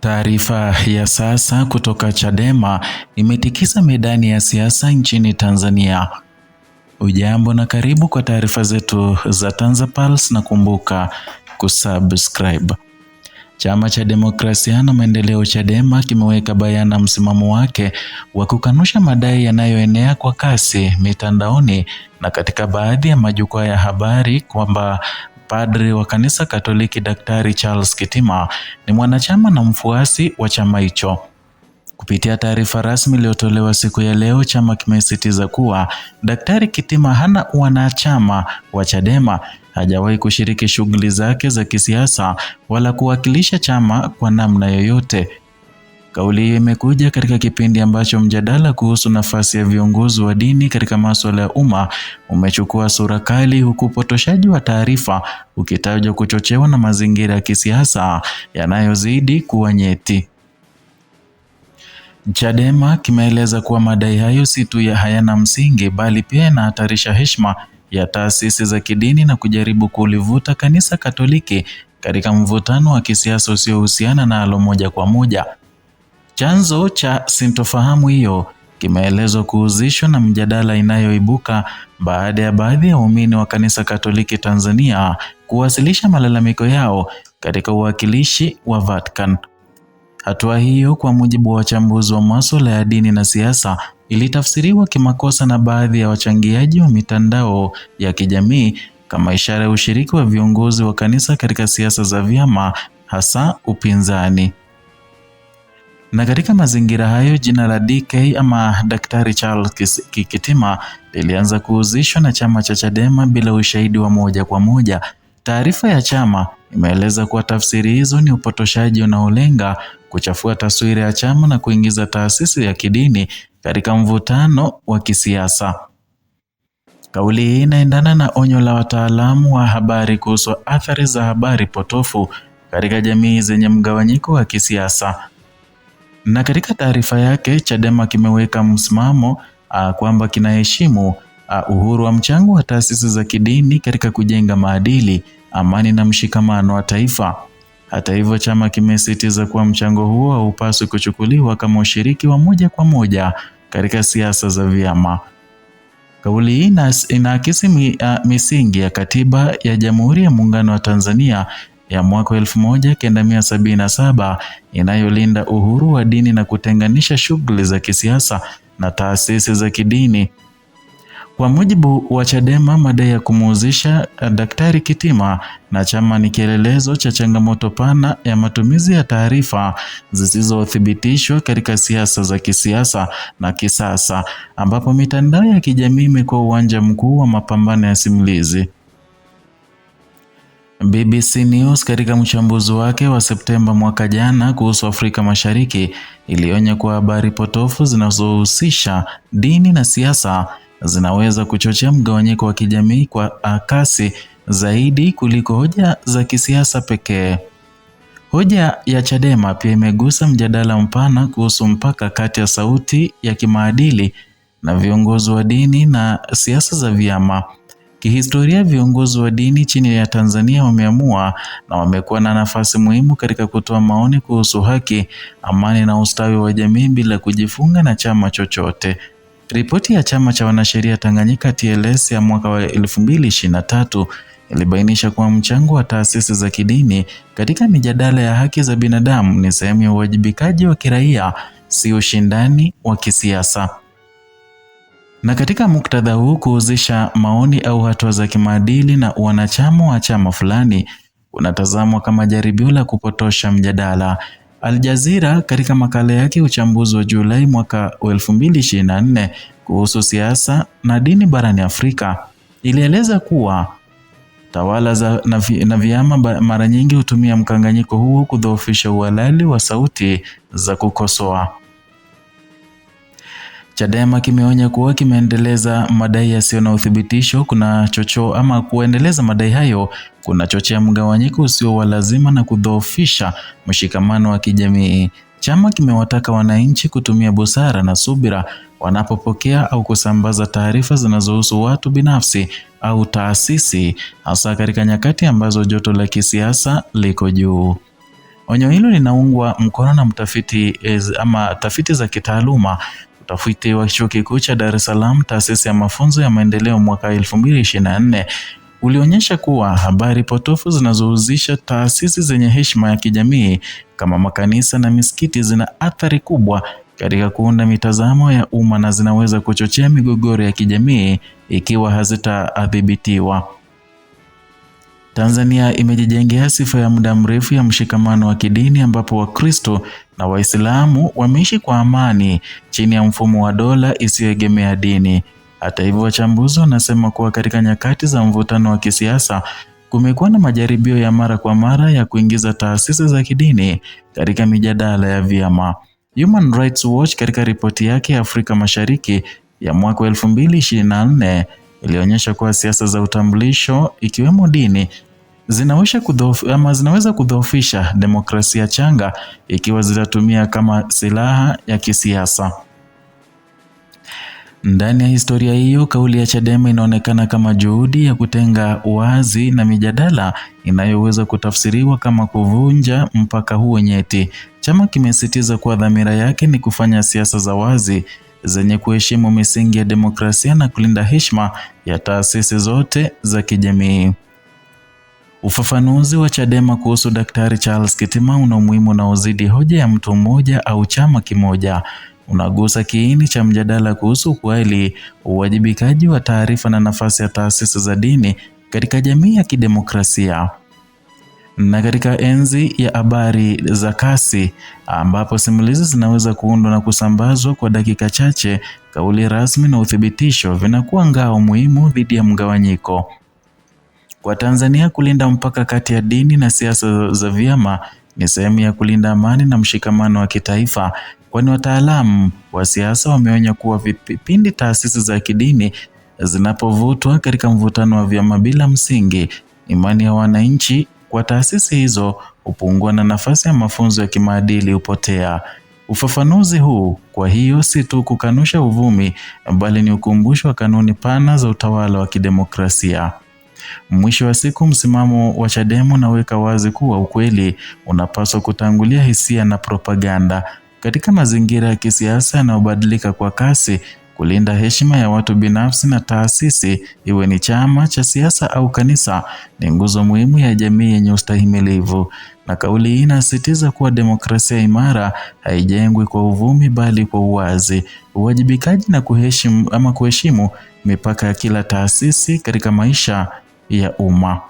Taarifa ya sasa kutoka Chadema imetikisa medani ya siasa nchini Tanzania. Ujambo na karibu kwa taarifa zetu za TanzaPulse na kumbuka kusubscribe. Chama cha Demokrasia na Maendeleo Chadema kimeweka bayana msimamo wake wa kukanusha madai yanayoenea kwa kasi mitandaoni na katika baadhi ya majukwaa ya habari kwamba padri wa kanisa Katoliki Daktari Charles Kitima ni mwanachama na mfuasi wa chama hicho. Kupitia taarifa rasmi iliyotolewa siku ya leo, chama kimesisitiza kuwa Daktari Kitima hana wanachama wa Chadema, hajawahi kushiriki shughuli zake za kisiasa wala kuwakilisha chama kwa namna yoyote Kauli hiyo imekuja katika kipindi ambacho mjadala kuhusu nafasi ya viongozi wa dini katika masuala ya umma umechukua sura kali, huku upotoshaji wa taarifa ukitajwa kuchochewa na mazingira ya kisiasa yanayozidi kuwa nyeti. Chadema kimeeleza kuwa madai hayo si tu ya hayana msingi bali pia yanahatarisha heshima ya taasisi za kidini na kujaribu kulivuta Kanisa Katoliki katika mvutano wa kisiasa usiohusiana nalo moja kwa moja. Chanzo cha sintofahamu hiyo kimeelezwa kuhusishwa na mjadala inayoibuka baada ya baadhi ya waumini wa kanisa Katoliki Tanzania kuwasilisha malalamiko yao katika uwakilishi wa Vatican. Hatua hiyo, kwa mujibu wa wachambuzi wa masuala ya dini na siasa, ilitafsiriwa kimakosa na baadhi ya wachangiaji wa mitandao ya kijamii kama ishara ya ushiriki wa viongozi wa kanisa katika siasa za vyama, hasa upinzani. Na katika mazingira hayo jina la DK ama Daktari Charles kikitima lilianza kuhusishwa na chama cha Chadema bila ushahidi wa moja kwa moja. Taarifa ya chama imeeleza kuwa tafsiri hizo ni upotoshaji unaolenga kuchafua taswira ya chama na kuingiza taasisi ya kidini katika mvutano wa kisiasa. Kauli hii inaendana na onyo la wataalamu wa habari kuhusu athari za habari potofu katika jamii zenye mgawanyiko wa kisiasa. Na katika taarifa yake Chadema kimeweka msimamo uh, kwamba kinaheshimu uh, uhuru wa mchango wa taasisi za kidini katika kujenga maadili, amani na mshikamano wa taifa. Hata hivyo, chama kimesisitiza kuwa mchango huo haupaswi kuchukuliwa kama ushiriki wa moja kwa moja katika siasa za vyama. Kauli hii inaakisi ah, misingi ya katiba ya Jamhuri ya Muungano wa Tanzania ya mwaka elfu moja kenda mia saba inayolinda uhuru wa dini na kutenganisha shughuli za kisiasa na taasisi za kidini. Kwa mujibu wa Chadema, madai ya kumuuzisha eh, Daktari Kitima na chama ni kielelezo cha changamoto pana ya matumizi ya taarifa zisizothibitishwa katika siasa za kisiasa na kisasa, ambapo mitandao ya kijamii imekuwa uwanja mkuu wa mapambano ya simulizi. BBC News katika mchambuzi wake wa Septemba mwaka jana kuhusu Afrika Mashariki ilionya kuwa habari potofu zinazohusisha dini na siasa zinaweza kuchochea mgawanyiko wa kijamii kwa akasi zaidi kuliko hoja za kisiasa pekee. Hoja ya Chadema pia imegusa mjadala mpana kuhusu mpaka kati ya sauti ya kimaadili na viongozi wa dini na siasa za vyama. Kihistoria viongozi wa dini chini ya Tanzania wameamua na wamekuwa na nafasi muhimu katika kutoa maoni kuhusu haki, amani na ustawi wa jamii bila kujifunga na chama chochote. Ripoti ya Chama cha Wanasheria Tanganyika TLS ya mwaka wa 2023 ilibainisha kuwa mchango wa taasisi za kidini katika mijadala ya haki za binadamu ni sehemu ya uwajibikaji wa kiraia, si ushindani wa kisiasa. Na katika muktadha huu kuhusisha maoni au hatua za kimaadili na wanachama wa chama fulani unatazamwa kama jaribio la kupotosha mjadala. Al Jazeera katika makala yake uchambuzi wa Julai mwaka 2024 kuhusu siasa na dini barani Afrika ilieleza kuwa tawala za na vyama mara nyingi hutumia mkanganyiko huo kudhoofisha uhalali wa sauti za kukosoa. Chadema kimeonya kuwa kimeendeleza madai yasiyo na uthibitisho kuna chocho ama kuendeleza madai hayo kunachochea mgawanyiko usio wa lazima na kudhoofisha mshikamano wa kijamii. Chama kimewataka wananchi kutumia busara na subira wanapopokea au kusambaza taarifa zinazohusu watu binafsi au taasisi, hasa katika nyakati ambazo joto la kisiasa liko juu. Onyo hilo linaungwa mkono na mtafiti eh, ama tafiti za kitaaluma utafiti wa chuo kikuu cha Dar es Salaam, taasisi ya mafunzo ya maendeleo, mwaka 2024 ulionyesha kuwa habari potofu zinazohusisha taasisi zenye heshima ya kijamii kama makanisa na misikiti zina athari kubwa katika kuunda mitazamo ya umma na zinaweza kuchochea migogoro ya kijamii ikiwa hazitadhibitiwa. Tanzania imejijengea sifa ya muda mrefu ya mshikamano wa kidini ambapo Wakristo na Waislamu wameishi kwa amani chini ya mfumo wa dola isiyoegemea dini. Hata hivyo, wachambuzi wanasema kuwa katika nyakati za mvutano wa kisiasa kumekuwa na majaribio ya mara kwa mara ya kuingiza taasisi za kidini katika mijadala ya vyama. Human Rights Watch katika ripoti yake ya Afrika Mashariki ya mwaka 2024 ilionyesha kuwa siasa za utambulisho ikiwemo dini zinaweza kudhoofisha ama zinaweza kudhoofisha demokrasia changa ikiwa zitatumia kama silaha ya kisiasa. Ndani ya historia hiyo, kauli ya Chadema inaonekana kama juhudi ya kutenga wazi na mijadala inayoweza kutafsiriwa kama kuvunja mpaka huo nyeti. Chama kimesisitiza kuwa dhamira yake ni kufanya siasa za wazi zenye kuheshimu misingi ya demokrasia na kulinda heshima ya taasisi zote za kijamii. Ufafanuzi wa Chadema kuhusu Daktari Charles Kitima una umuhimu unaozidi hoja ya mtu mmoja au chama kimoja. Unagusa kiini cha mjadala kuhusu ukweli, uwajibikaji wa taarifa na nafasi ya taasisi za dini katika jamii ya kidemokrasia. Na katika enzi ya habari za kasi ambapo simulizi zinaweza kuundwa na kusambazwa kwa dakika chache, kauli rasmi na uthibitisho vinakuwa ngao muhimu dhidi ya mgawanyiko. Kwa Tanzania kulinda mpaka kati ya dini na siasa za vyama ni sehemu ya kulinda amani na mshikamano wa kitaifa, kwani wataalamu wa siasa wameonya kuwa vipindi taasisi za kidini zinapovutwa katika mvutano wa vyama bila msingi, imani ya wananchi kwa taasisi hizo hupungua na nafasi ya mafunzo ya kimaadili hupotea. Ufafanuzi huu kwa hiyo si tu kukanusha uvumi, bali ni ukumbusho wa kanuni pana za utawala wa kidemokrasia. Mwisho wa siku, msimamo wa Chadema unaweka wazi kuwa ukweli unapaswa kutangulia hisia na propaganda. Katika mazingira ya kisiasa yanayobadilika kwa kasi, kulinda heshima ya watu binafsi na taasisi, iwe ni chama cha siasa au kanisa, ni nguzo muhimu ya jamii yenye ustahimilivu. Na kauli hii inasisitiza kuwa demokrasia imara haijengwi kwa uvumi, bali kwa uwazi, uwajibikaji na kuheshimu ama kuheshimu mipaka ya kila taasisi katika maisha ya umma